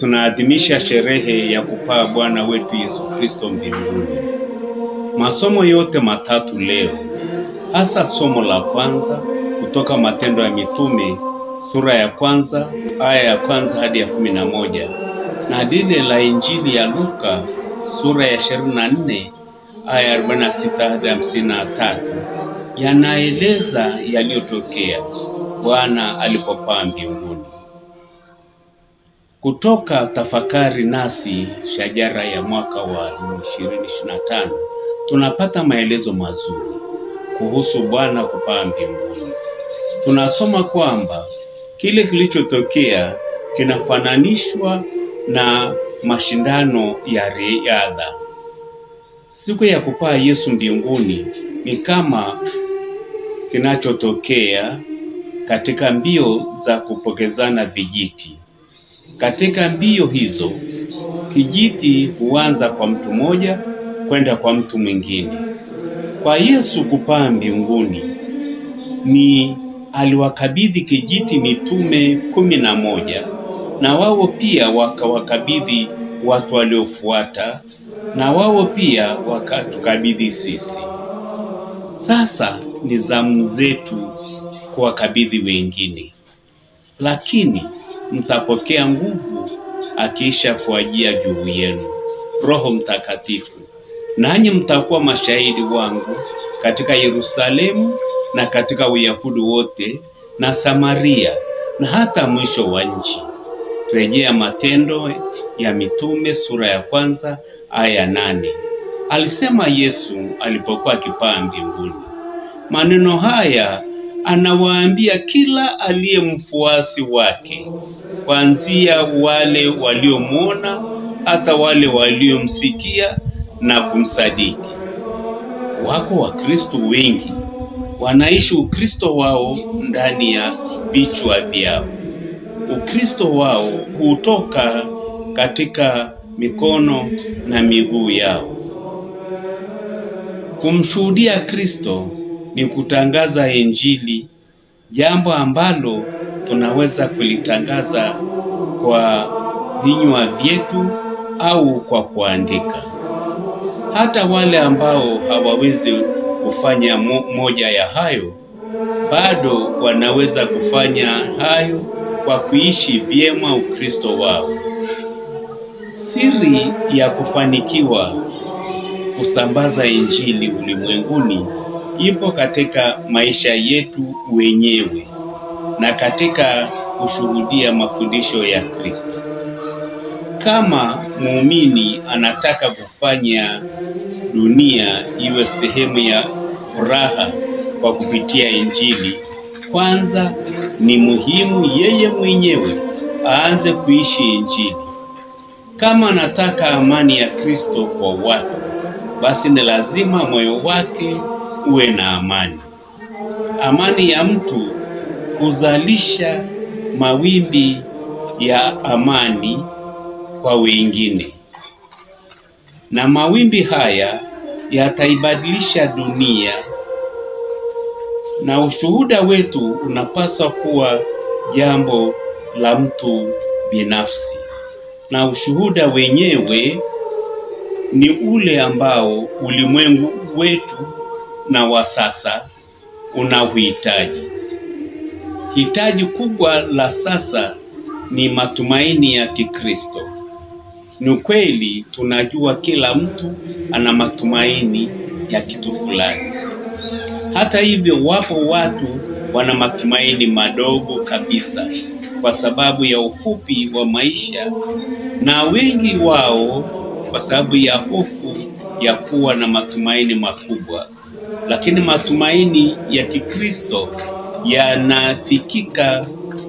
tunaadhimisha sherehe ya kupaa Bwana wetu Yesu Kristo mbinguni. Masomo yote matatu leo, hasa somo la kwanza kutoka Matendo ya Mitume sura ya kwanza aya ya kwanza hadi ya kumi na moja na lile la Injili ya Luka sura ya 24 aya ya sita hadi hamsini tatu yanaeleza yaliyotokea Bwana alipopaa mbinguni kutoka tafakari nasi shajara ya mwaka wa 2025 tunapata maelezo mazuri kuhusu Bwana kupaa mbinguni. Tunasoma kwamba kile kilichotokea kinafananishwa na mashindano ya riadha. Siku ya kupaa Yesu mbinguni ni kama kinachotokea katika mbio za kupokezana vijiti. Katika mbio hizo kijiti huanza kwa mtu mmoja kwenda kwa mtu mwingine. Kwa Yesu kupaa mbinguni ni aliwakabidhi kijiti mitume kumi na moja na wao pia wakawakabidhi watu waliofuata na wao pia wakatukabidhi sisi. Sasa ni zamu zetu kuwakabidhi wengine, lakini mtapokea nguvu akiisha kuajia juu yenu Roho Mtakatifu, nanyi mtakuwa mashahidi wangu katika Yerusalemu na katika Uyahudi wote na Samaria na hata mwisho wa nchi. Rejea Matendo ya Mitume sura ya kwanza aya ya nane. Alisema Yesu alipokuwa akipaa mbinguni. Maneno haya anawaambia kila aliye mfuasi wake, kuanzia wale waliomwona hata wale waliomsikia na kumsadiki. Wako Wakristo wengi wanaishi Ukristo wao ndani ya vichwa vyao. Ukristo wao hutoka katika mikono na miguu yao. Kumshuhudia Kristo ni kutangaza Injili, jambo ambalo tunaweza kulitangaza kwa vinywa vyetu au kwa kuandika. Hata wale ambao hawawezi kufanya mo moja ya hayo bado wanaweza kufanya hayo kwa kuishi vyema Ukristo wao. Siri ya kufanikiwa kusambaza Injili ulimwenguni ipo katika maisha yetu wenyewe na katika kushuhudia mafundisho ya Kristo. Kama muumini anataka kufanya dunia iwe sehemu ya furaha kwa kupitia Injili, kwanza ni muhimu yeye mwenyewe aanze kuishi Injili. Kama anataka amani ya Kristo kwa watu, basi ni lazima moyo wake uwe na amani. Amani ya mtu huzalisha mawimbi ya amani kwa wengine, na mawimbi haya yataibadilisha dunia, na ushuhuda wetu unapaswa kuwa jambo la mtu binafsi, na ushuhuda wenyewe ni ule ambao ulimwengu wetu na wa sasa unaohitaji. Hitaji kubwa la sasa ni matumaini ya Kikristo. Ni kweli tunajua kila mtu ana matumaini ya kitu fulani. Hata hivyo, wapo watu wana matumaini madogo kabisa kwa sababu ya ufupi wa maisha, na wengi wao kwa sababu ya hofu ya kuwa na matumaini makubwa lakini matumaini ya Kikristo yanafikika,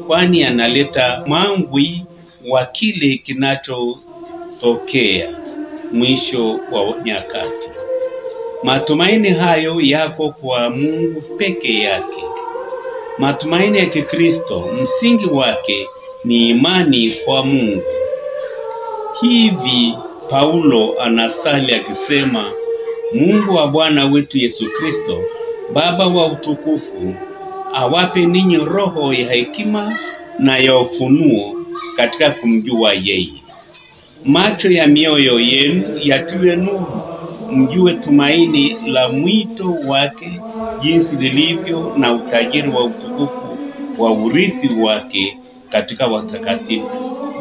kwani yanaleta mwangwi wa kile kinachotokea mwisho wa nyakati. Matumaini hayo yako kwa Mungu peke yake. Matumaini ya Kikristo msingi wake ni imani kwa Mungu. Hivi Paulo anasali akisema Mungu wa Bwana wetu Yesu Kristo, Baba wa utukufu, awape ninyi roho ya hekima na ya ufunuo katika kumjua yeye. Macho ya mioyo yenu yatiwe nuru, mjue tumaini la mwito wake, jinsi lilivyo na utajiri wa utukufu wa urithi wake katika watakatifu,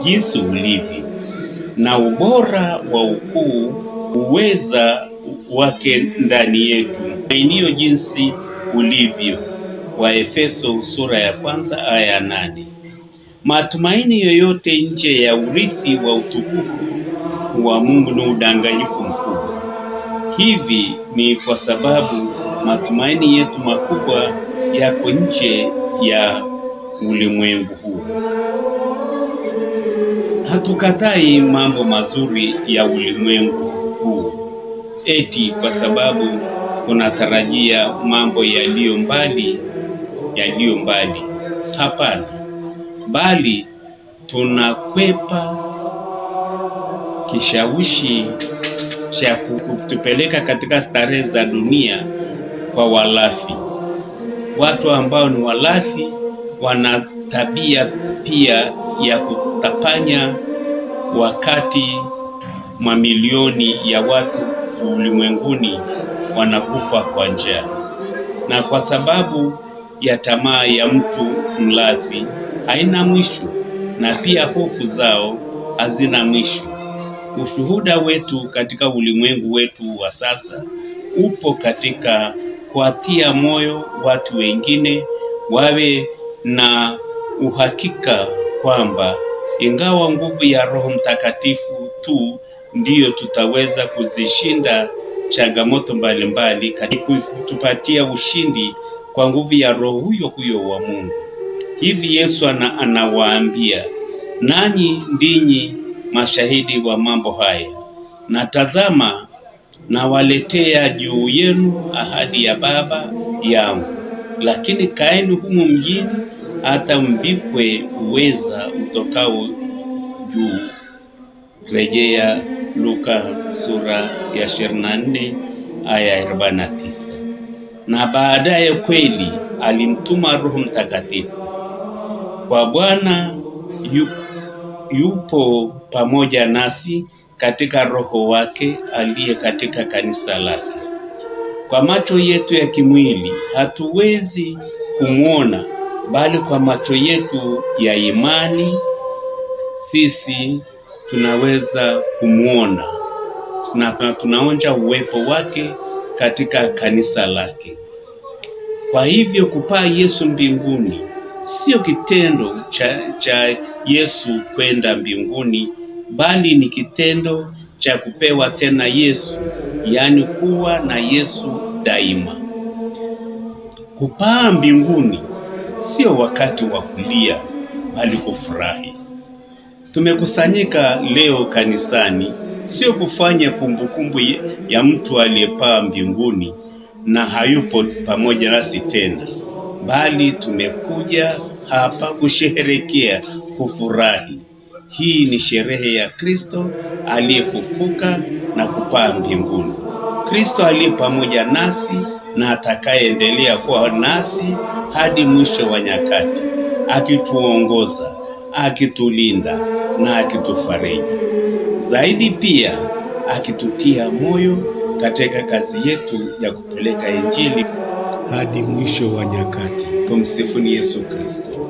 jinsi ulivyo na ubora wa ukuu uweza wake ndani yetu. Tumainio jinsi ulivyo, Waefeso sura ya kwanza aya ya nane. Matumaini yoyote nje ya urithi wa utukufu wa Mungu ni udanganyifu mkubwa. Hivi ni kwa sababu matumaini yetu makubwa yako nje ya ulimwengu huu. Hatukatai mambo mazuri ya ulimwengu eti kwa sababu tunatarajia mambo yaliyo mbali yaliyo mbali. Hapana, bali tunakwepa kishawishi cha kutupeleka katika starehe za dunia kwa walafi. Watu ambao ni walafi wana tabia pia ya kutapanya wakati mamilioni ya watu ulimwenguni wanakufa kwa njaa, na kwa sababu ya tamaa ya mtu mlafi haina mwisho, na pia hofu zao hazina mwisho. Ushuhuda wetu katika ulimwengu wetu wa sasa upo katika kuatia moyo watu wengine wawe na uhakika kwamba ingawa nguvu ya Roho Mtakatifu tu ndiyo tutaweza kuzishinda changamoto mbalimbali kutupatia ushindi kwa nguvu ya Roho huyo huyo wa Mungu. Hivi Yesu anawaambia, nanyi ndinyi mashahidi wa mambo haya, na tazama, nawaletea juu yenu ahadi ya Baba yangu, lakini kaeni humo mjini hata mvikwe uweza utokao juu Rejea Luka sura ya 24 aya 49. Na baadaye kweli alimtuma Roho Mtakatifu. Kwa Bwana yupo pamoja nasi katika Roho wake aliye katika kanisa lake. Kwa macho yetu ya kimwili hatuwezi kumwona, bali kwa macho yetu ya imani sisi tunaweza kumwona na tunaonja uwepo wake katika kanisa lake. Kwa hivyo kupaa Yesu mbinguni sio kitendo cha, cha Yesu kwenda mbinguni, bali ni kitendo cha kupewa tena Yesu, yaani kuwa na Yesu daima. Kupaa mbinguni sio wakati wa kulia, bali kufurahi. Tumekusanyika leo kanisani sio kufanya kumbukumbu ya mtu aliyepaa mbinguni na hayupo pamoja nasi tena, bali tumekuja hapa kusherehekea, kufurahi. Hii ni sherehe ya Kristo aliyefufuka na kupaa mbinguni, Kristo aliye pamoja nasi na atakayeendelea kuwa nasi hadi mwisho wa nyakati, akituongoza akitulinda na akitufariji, zaidi pia akitutia moyo katika kazi yetu ya kupeleka Injili hadi mwisho wa nyakati. Tumsifuni Yesu Kristo.